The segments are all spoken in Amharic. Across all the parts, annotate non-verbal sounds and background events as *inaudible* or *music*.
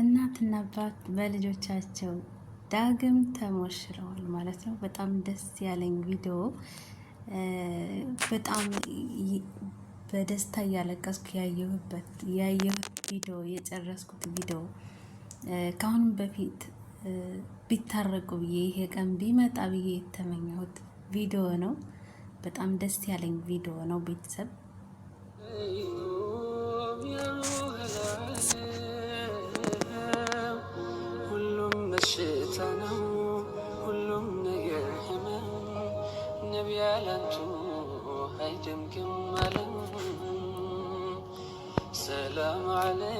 እናትና አባት በልጆቻቸው ዳግም ተሞሽረዋል ማለት ነው። በጣም ደስ ያለኝ ቪዲዮ፣ በጣም በደስታ እያለቀስኩ ያየሁበት ያየሁት ቪዲዮ የጨረስኩት ቪዲዮ ከአሁንም በፊት ቢታረቁ ብዬ ይሄ ቀን ቢመጣ ብዬ የተመኘሁት ቪዲዮ ነው። በጣም ደስ ያለኝ ቪዲዮ ነው ቤተሰብ عليه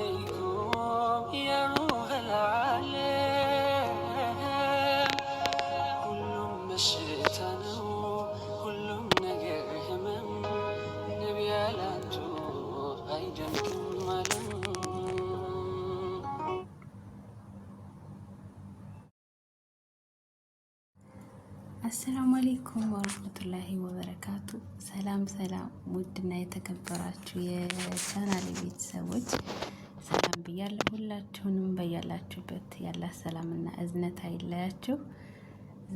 አለይኩም ወረህመቱላሂ ወበረካቱ። ሰላም ሰላም፣ ውድና የተከበራችሁ የቻናል ቤተሰቦች ሰላም ብያለሁ። ሁላችሁንም በያላችሁበት ያለ ሰላምና እዝነት አይለያችሁ።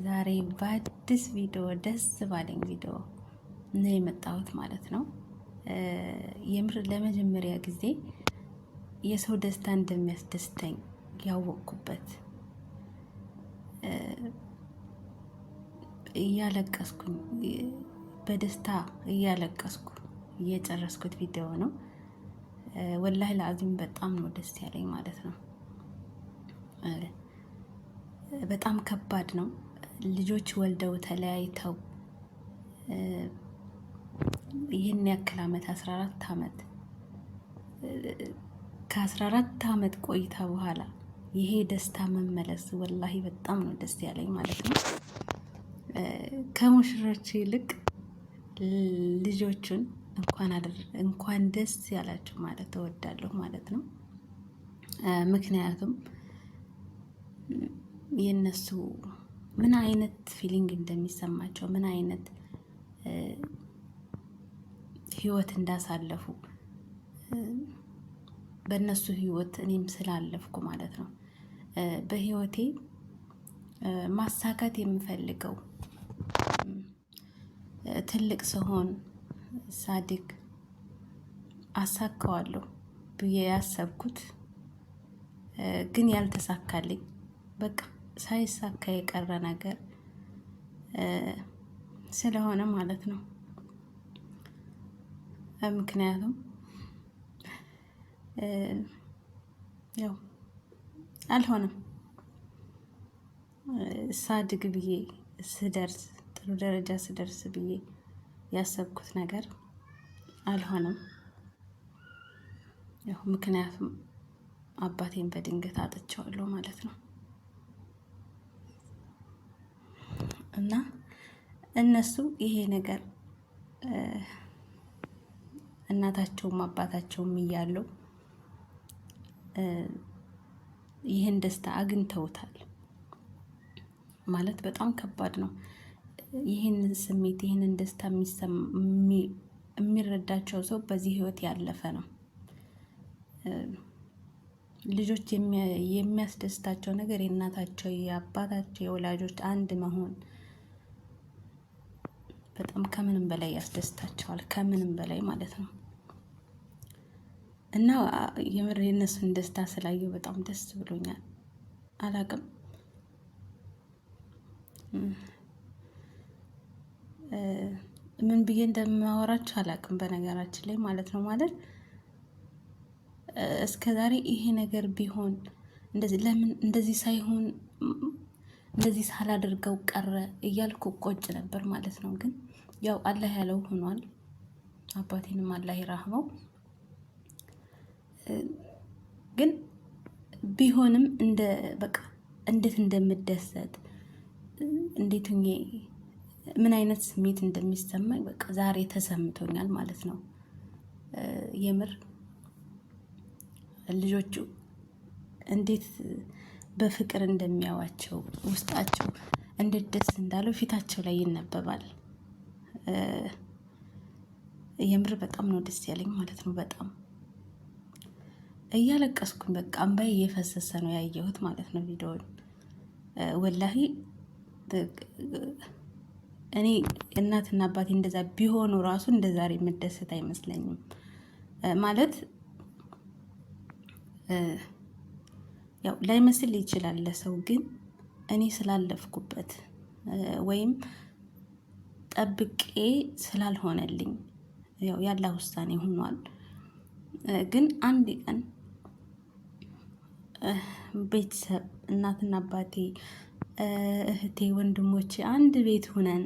ዛሬ በአዲስ ቪዲዮ፣ ደስ ባለኝ ቪዲዮ ነው የመጣሁት ማለት ነው። የምር ለመጀመሪያ ጊዜ የሰው ደስታ እንደሚያስደስተኝ ያወቅኩበት እያለቀስኩኝ በደስታ እያለቀስኩ እየጨረስኩት ቪዲዮ ነው። ወላሂ ለአዚም በጣም ነው ደስ ያለኝ ማለት ነው። በጣም ከባድ ነው። ልጆች ወልደው ተለያይተው ይህን ያክል አመት አስራ አራት ዓመት ከአስራ አራት ቆይታ በኋላ ይሄ ደስታ መመለስ ወላሂ በጣም ነው ደስ ያለኝ ማለት ነው። ከሙሽሮች ይልቅ ልጆቹን እንኳን ደስ ያላችሁ ማለት እወዳለሁ ማለት ነው። ምክንያቱም የነሱ ምን አይነት ፊሊንግ እንደሚሰማቸው ምን አይነት ህይወት እንዳሳለፉ በእነሱ ህይወት እኔም ስላለፍኩ ማለት ነው። በህይወቴ ማሳካት የምፈልገው ትልቅ ስሆን ሳድግ አሳካዋለሁ ብዬ ያሰብኩት ግን ያልተሳካልኝ በቃ ሳይሳካ የቀረ ነገር ስለሆነ ማለት ነው። ምክንያቱም ያው አልሆነም ሳድግ ብዬ ስደርስ ጥሩ ደረጃ ስደርስ ብዬ ያሰብኩት ነገር አልሆነም። ያው ምክንያቱም አባቴን በድንገት አጥቼዋለሁ ማለት ነው። እና እነሱ ይሄ ነገር እናታቸውም አባታቸውም እያለው ይህን ደስታ አግኝተውታል ማለት በጣም ከባድ ነው። ይህንን ስሜት ይህንን ደስታ የሚረዳቸው ሰው በዚህ ህይወት ያለፈ ነው። ልጆች የሚያስደስታቸው ነገር የእናታቸው፣ የአባታቸው፣ የወላጆች አንድ መሆን በጣም ከምንም በላይ ያስደስታቸዋል። ከምንም በላይ ማለት ነው እና የምር የእነሱን ደስታ ስላየው በጣም ደስ ብሎኛል። አላቅም ምን ብዬ እንደማወራችሁ አላውቅም፣ በነገራችን ላይ ማለት ነው። ማለት እስከ ዛሬ ይሄ ነገር ቢሆን እንደዚህ ለምን እንደዚህ ሳይሆን እንደዚህ ሳላደርገው ቀረ እያልኩ ቆጭ ነበር ማለት ነው። ግን ያው አላህ ያለው ሆኗል። አባቴንም አላህ ይራህመው። ግን ቢሆንም እንደ በቃ እንዴት እንደምደሰት እንዴት ምን አይነት ስሜት እንደሚሰማኝ በቃ ዛሬ ተሰምቶኛል ማለት ነው። የምር ልጆቹ እንዴት በፍቅር እንደሚያዋቸው ውስጣቸው እንዴት ደስ እንዳለው ፊታቸው ላይ ይነበባል። የምር በጣም ነው ደስ ያለኝ ማለት ነው። በጣም እያለቀስኩኝ በቃ እምባዬ እየፈሰሰ ነው ያየሁት ማለት ነው ቪዲዮውን ወላሂ እኔ እናትና አባቴ እንደዛ ቢሆኑ ራሱ እንደ ዛሬ መደሰት አይመስለኝም። ማለት ያው ላይመስል ይችላል ለሰው ግን እኔ ስላለፍኩበት ወይም ጠብቄ ስላልሆነልኝ ያው ያላ ውሳኔ ሆኗል። ግን አንድ ቀን ቤተሰብ እናትና አባቴ እህቴ ወንድሞቼ አንድ ቤት ሁነን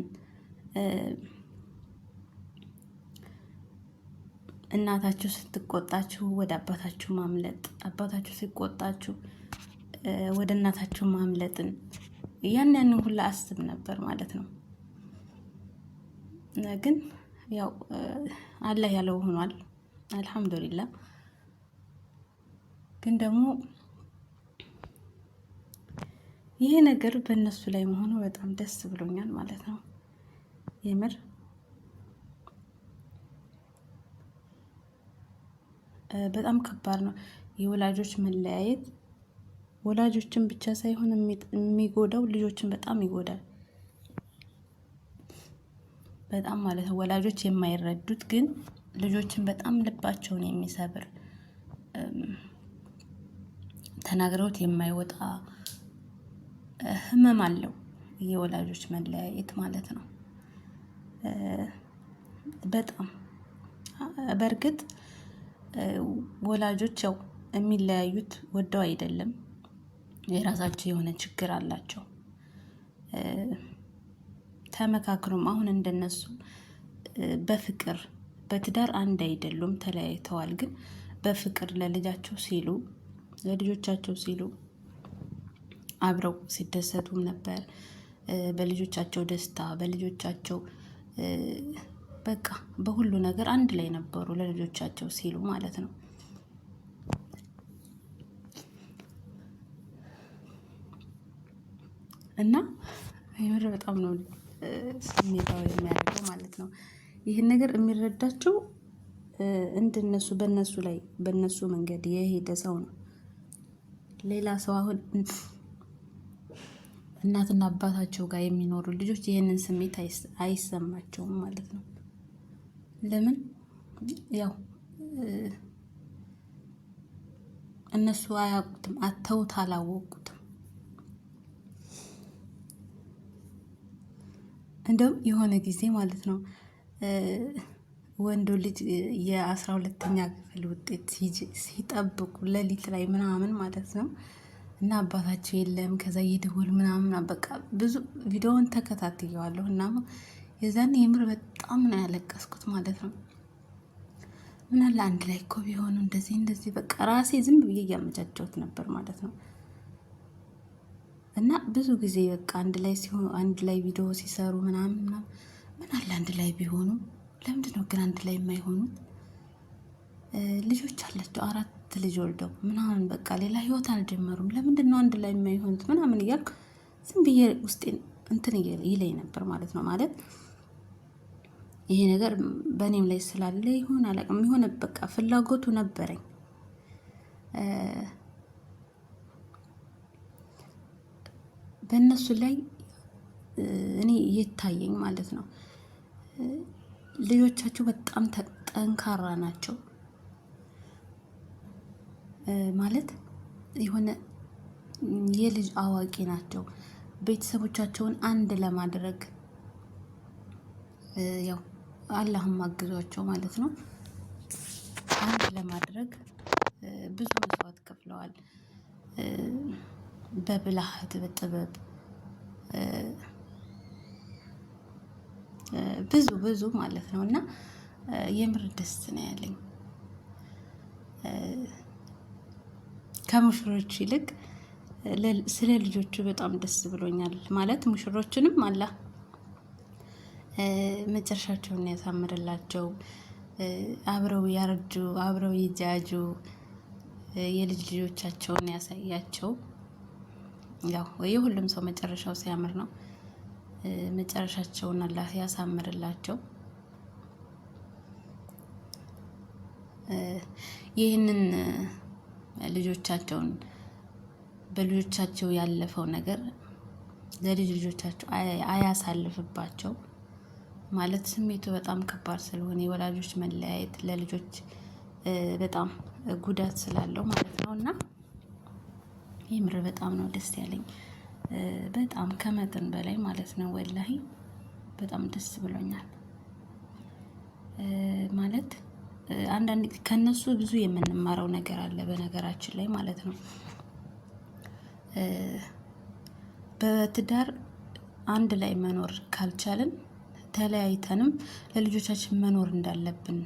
እናታችሁ ስትቆጣችሁ ወደ አባታችሁ ማምለጥ፣ አባታችሁ ሲቆጣችሁ ወደ እናታችሁ ማምለጥን ያን ያንን ሁላ አስብ ነበር ማለት ነው። ግን ያው አላህ ያለው ሆኗል። አልሐምዱሊላህ ግን ደግሞ ይሄ ነገር በእነሱ ላይ መሆኑ በጣም ደስ ብሎኛል ማለት ነው። የምር በጣም ከባድ ነው የወላጆች መለያየት። ወላጆችን ብቻ ሳይሆን የሚጎዳው ልጆችን በጣም ይጎዳል። በጣም ማለት ነው ወላጆች የማይረዱት ግን ልጆችን በጣም ልባቸውን የሚሰብር ተናግረውት የማይወጣ ህመም አለው የወላጆች መለያየት ማለት ነው። በጣም በእርግጥ ወላጆች ያው የሚለያዩት ወደው አይደለም፣ የራሳቸው የሆነ ችግር አላቸው። ተመካክሮም አሁን እንደነሱ በፍቅር በትዳር አንድ አይደሉም፣ ተለያይተዋል። ግን በፍቅር ለልጃቸው ሲሉ ለልጆቻቸው ሲሉ አብረው ሲደሰቱም ነበር። በልጆቻቸው ደስታ፣ በልጆቻቸው በቃ በሁሉ ነገር አንድ ላይ ነበሩ፣ ለልጆቻቸው ሲሉ ማለት ነው። እና የምር በጣም ነው ስሜታዊ የሚያደርገው ማለት ነው። ይህን ነገር የሚረዳቸው እንደነሱ በነሱ ላይ በነሱ መንገድ የሄደ ሰው ነው። ሌላ ሰው አሁን እናትና አባታቸው ጋር የሚኖሩ ልጆች ይህንን ስሜት አይሰማቸውም ማለት ነው። ለምን ያው እነሱ አያውቁትም፣ አተውት አላወቁትም። እንደም የሆነ ጊዜ ማለት ነው ወንዱ ልጅ የአስራ ሁለተኛ ክፍል ውጤት ሲጠብቁ ለሊት ላይ ምናምን ማለት ነው እና አባታቸው የለም። ከዛ እየደወል ምናምን በቃ ብዙ ቪዲዮውን ተከታትየዋለሁ እና የዛን የምር በጣም ነው ያለቀስኩት ማለት ነው። ምን አለ አንድ ላይ እኮ ቢሆኑ እንደዚህ እንደዚህ በቃ ራሴ ዝም ብዬ እያመቻቸውት ነበር ማለት ነው። እና ብዙ ጊዜ በቃ አንድ ላይ ሲሆኑ አንድ ላይ ቪዲዮ ሲሰሩ ምናምን ምናምን ምን አለ አንድ ላይ ቢሆኑ። ለምንድን ነው ግን አንድ ላይ የማይሆኑት? ልጆች አላቸው አራት ሁለት ልጅ ወልደው ምናምን በቃ ሌላ ህይወት አልጀመሩም። ለምንድን ነው አንድ ላይ የማይሆኑት ምናምን እያልኩ ዝም ብዬ ውስጤን እንትን ይለኝ ነበር ማለት ነው። ማለት ይሄ ነገር በእኔም ላይ ስላለ ይሆን አላውቅም፣ የሆነ በቃ ፍላጎቱ ነበረኝ። በእነሱ ላይ እኔ እየታየኝ ማለት ነው። ልጆቻችሁ በጣም ጠንካራ ናቸው ማለት የሆነ የልጅ አዋቂ ናቸው። ቤተሰቦቻቸውን አንድ ለማድረግ ያው አላህም አግዟቸው ማለት ነው። አንድ ለማድረግ ብዙ መስዋዕት ከፍለዋል። በብልሃት በጥበብ ብዙ ብዙ ማለት ነው እና የምር ደስ ነው ያለኝ። ከሙሽሮች ይልቅ ስለ ልጆቹ በጣም ደስ ብሎኛል። ማለት ሙሽሮችንም አላ መጨረሻቸውን ያሳምርላቸው፣ አብረው ያረጁ፣ አብረው ይጃጁ፣ የልጅ ልጆቻቸውን ያሳያቸው። ያው የሁሉም ሰው መጨረሻው ሲያምር ነው። መጨረሻቸውን አላህ ያሳምርላቸው። ይህንን ልጆቻቸውን በልጆቻቸው ያለፈው ነገር ለልጅ ልጆቻቸው አያሳልፍባቸው ማለት ስሜቱ በጣም ከባድ ስለሆነ የወላጆች መለያየት ለልጆች በጣም ጉዳት ስላለው ማለት ነው። እና የምር በጣም ነው ደስ ያለኝ፣ በጣም ከመጠን በላይ ማለት ነው። ወላሂ በጣም ደስ ብሎኛል ማለት አንዳንድ ከነሱ ብዙ የምንማረው ነገር አለ በነገራችን ላይ ማለት ነው። በትዳር አንድ ላይ መኖር ካልቻልን ተለያይተንም ለልጆቻችን መኖር እንዳለብን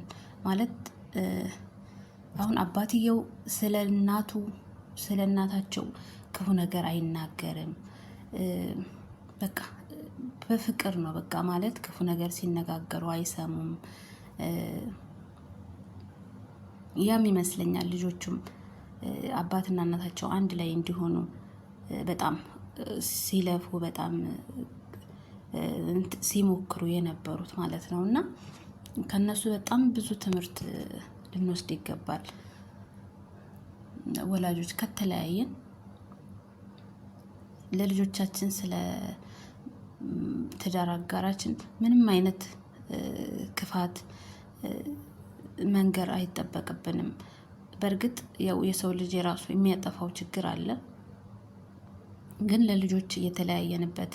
ማለት አሁን አባትየው ስለ እናቱ ስለ እናታቸው ክፉ ነገር አይናገርም። በቃ በፍቅር ነው። በቃ ማለት ክፉ ነገር ሲነጋገሩ አይሰሙም። ያም ይመስለኛል ልጆቹም አባትና እናታቸው አንድ ላይ እንዲሆኑ በጣም ሲለፉ በጣም ሲሞክሩ የነበሩት ማለት ነው። እና ከነሱ በጣም ብዙ ትምህርት ልንወስድ ይገባል። ወላጆች ከተለያየን ለልጆቻችን ስለ ትዳር አጋራችን ምንም አይነት ክፋት መንገር አይጠበቅብንም። በእርግጥ ያው የሰው ልጅ የራሱ የሚያጠፋው ችግር አለ። ግን ለልጆች የተለያየንበት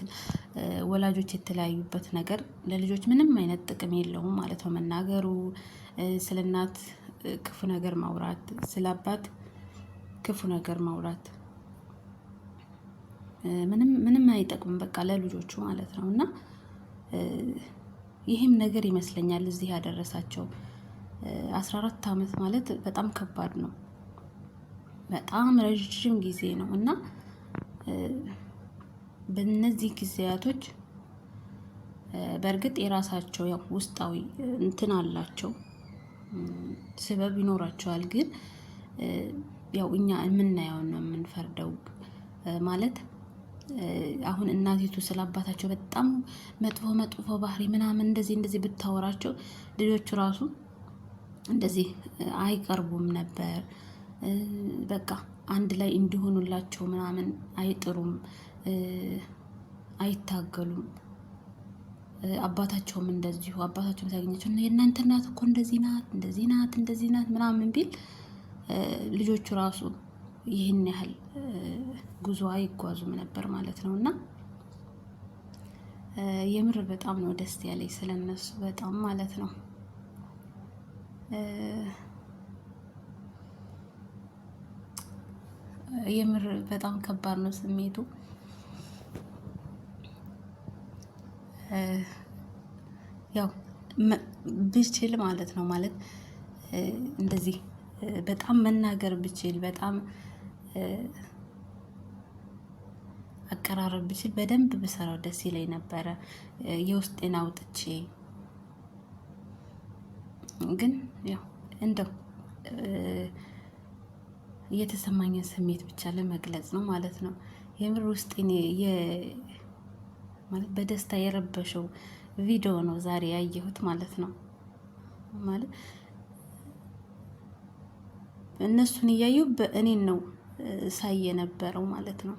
ወላጆች የተለያዩበት ነገር ለልጆች ምንም አይነት ጥቅም የለውም ማለት ነው። መናገሩ ስለ እናት ክፉ ነገር ማውራት ስለ አባት ክፉ ነገር ማውራት ምንም ምንም አይጠቅምም በቃ ለልጆቹ ማለት ነው። እና ይህም ነገር ይመስለኛል እዚህ ያደረሳቸው አስራ አራት ዓመት ማለት በጣም ከባድ ነው። በጣም ረዥም ጊዜ ነው እና በነዚህ ጊዜያቶች በእርግጥ የራሳቸው ያው ውስጣዊ እንትን አላቸው ስበብ ይኖራቸዋል። ግን ያው እኛ የምናየውን ነው የምንፈርደው። ማለት አሁን እናቲቱ ስለ አባታቸው በጣም መጥፎ መጥፎ ባህሪ ምናምን እንደዚህ እንደዚህ ብታወራቸው ልጆቹ ራሱ እንደዚህ አይቀርቡም ነበር። በቃ አንድ ላይ እንዲሆኑላቸው ምናምን አይጥሩም፣ አይታገሉም። አባታቸውም እንደዚሁ አባታቸውም ሲያገኛቸው የእናንተ እናት እኮ እንደዚህ ናት፣ እንደዚህ ናት፣ እንደዚህ ናት ምናምን ቢል ልጆቹ ራሱ ይህን ያህል ጉዞ አይጓዙም ነበር ማለት ነው። እና የምር በጣም ነው ደስ ያለኝ ስለነሱ በጣም ማለት ነው። የምር በጣም ከባድ ነው ስሜቱ። ያው ብችል ማለት ነው ማለት እንደዚህ በጣም መናገር ብችል በጣም አቀራረብ ብችል በደንብ ብሰራው ደስ ይለኝ ነበረ የውስጤን አውጥቼ ግን ያው እንደው የተሰማኝን ስሜት ብቻ ለመግለጽ ነው ማለት ነው። የምር ውስጥ ማለት በደስታ የረበሸው ቪዲዮ ነው ዛሬ ያየሁት ማለት ነው። ማለት እነሱን እያዩ በእኔን ነው ሳይ የነበረው ማለት ነው።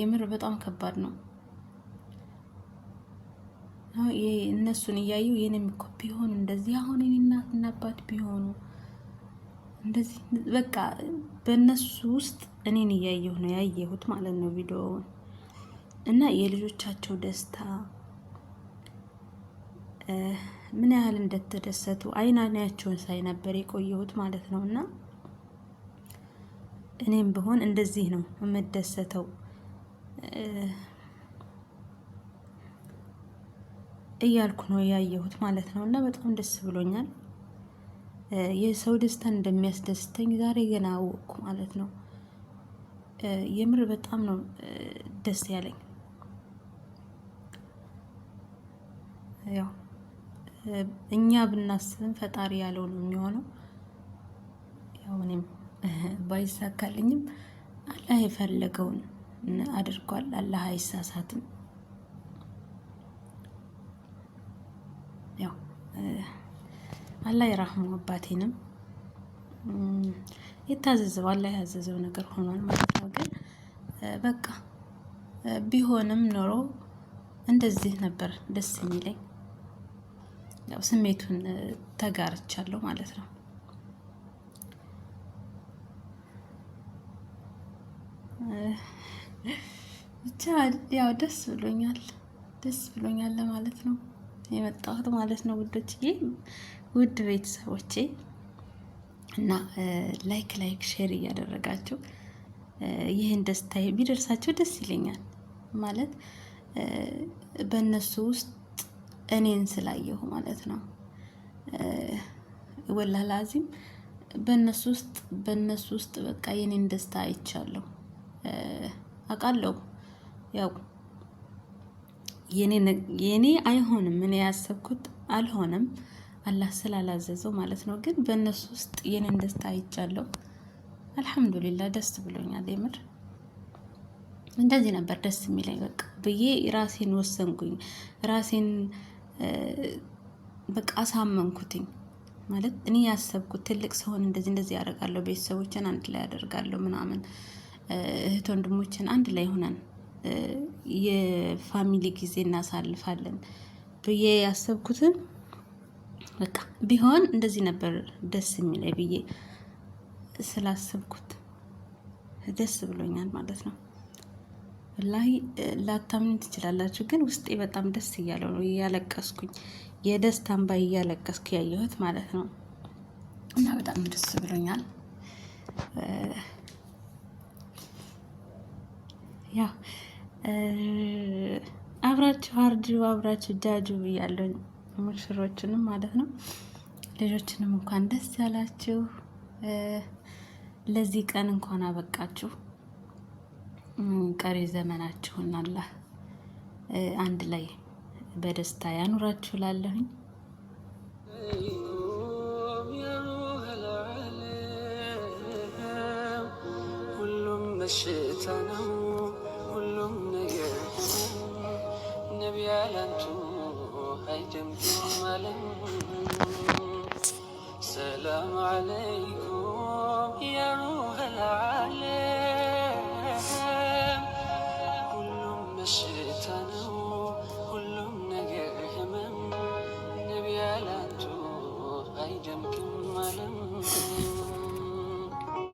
የምር በጣም ከባድ ነው። እነሱን እያዩ የኔም እኮ ሆኑ እንደዚህ አሁን እኔ እናትና አባት ቢሆኑ እንደዚህ በቃ በእነሱ ውስጥ እኔን እያየሁ ነው ያየሁት ማለት ነው ቪዲዮውን እና የልጆቻቸው ደስታ ምን ያህል እንደተደሰቱ አይናናያቸውን ሳይ ነበር የቆየሁት ማለት ነው። እና እኔም ብሆን እንደዚህ ነው የምደሰተው። እያልኩ ነው ያየሁት ማለት ነው። እና በጣም ደስ ብሎኛል። የሰው ደስታ እንደሚያስደስተኝ ዛሬ ገና አወቅኩ ማለት ነው። የምር በጣም ነው ደስ ያለኝ። ያው እኛ ብናስብም ፈጣሪ ያለው ነው የሚሆነው። ያው እኔም *laughs* ባይሳካልኝም አላህ የፈለገውን አድርጓል። አላህ አይሳሳትም። አላህ ይራህሙ አባቴንም የታዘዘው አላህ ያዘዘው ነገር ሆኗል ማለት ነው። ግን በቃ ቢሆንም ኖሮ እንደዚህ ነበር ደስ የሚለኝ። ያው ስሜቱን ተጋርቻለሁ ማለት ነው። ብቻ ያው ደስ ብሎኛል፣ ደስ ብሎኛል ለማለት ነው። የመጣሁት ማለት ነው ውዶችዬ፣ ውድ ቤተሰቦቼ እና ላይክ ላይክ ሼር እያደረጋችሁ ይህን ደስታ ቢደርሳቸው ደስ ይለኛል። ማለት በእነሱ ውስጥ እኔን ስላየሁ ማለት ነው። ወላላዚም በእነሱ ውስጥ በእነሱ ውስጥ በቃ የኔን ደስታ አይቻለሁ አውቃለሁ ያው የኔ አይሆንም፣ እኔ ያሰብኩት አልሆነም፣ አላህ ስላላዘዘው ማለት ነው። ግን በእነሱ ውስጥ የኔን ደስታ አይቻለሁ። አልሐምዱሊላህ ደስ ብሎኛል። የምር እንደዚህ ነበር ደስ የሚለኝ በቃ ብዬ ራሴን ወሰንኩኝ። ራሴን በቃ አሳመንኩትኝ ማለት እኔ ያሰብኩት ትልቅ ሰሆን እንደዚህ እንደዚህ ያደርጋለሁ፣ ቤተሰቦችን አንድ ላይ ያደርጋለሁ ምናምን እህት ወንድሞችን አንድ ላይ ሆነን የፋሚሊ ጊዜ እናሳልፋለን ብዬ ያሰብኩትን በቃ ቢሆን እንደዚህ ነበር ደስ የሚለኝ ብዬ ስላሰብኩት ደስ ብሎኛል ማለት ነው። ላይ ላታምን ትችላላችሁ፣ ግን ውስጤ በጣም ደስ እያለው ነው። እያለቀስኩኝ የደስታ እንባ እያለቀስኩ ያየሁት ማለት ነው እና በጣም ደስ ብሎኛል። ያው አብራችሁ አርጁ አብራችሁ ጃጁ ብያለሁ፣ ሙሽሮችንም ማለት ነው። ልጆችንም እንኳን ደስ ያላችሁ፣ ለዚህ ቀን እንኳን አበቃችሁ። ቀሪ ዘመናችሁን አላህ አንድ ላይ በደስታ ያኑራችሁ ላለሁኝ ሁሉም جمجملا سلام عليكم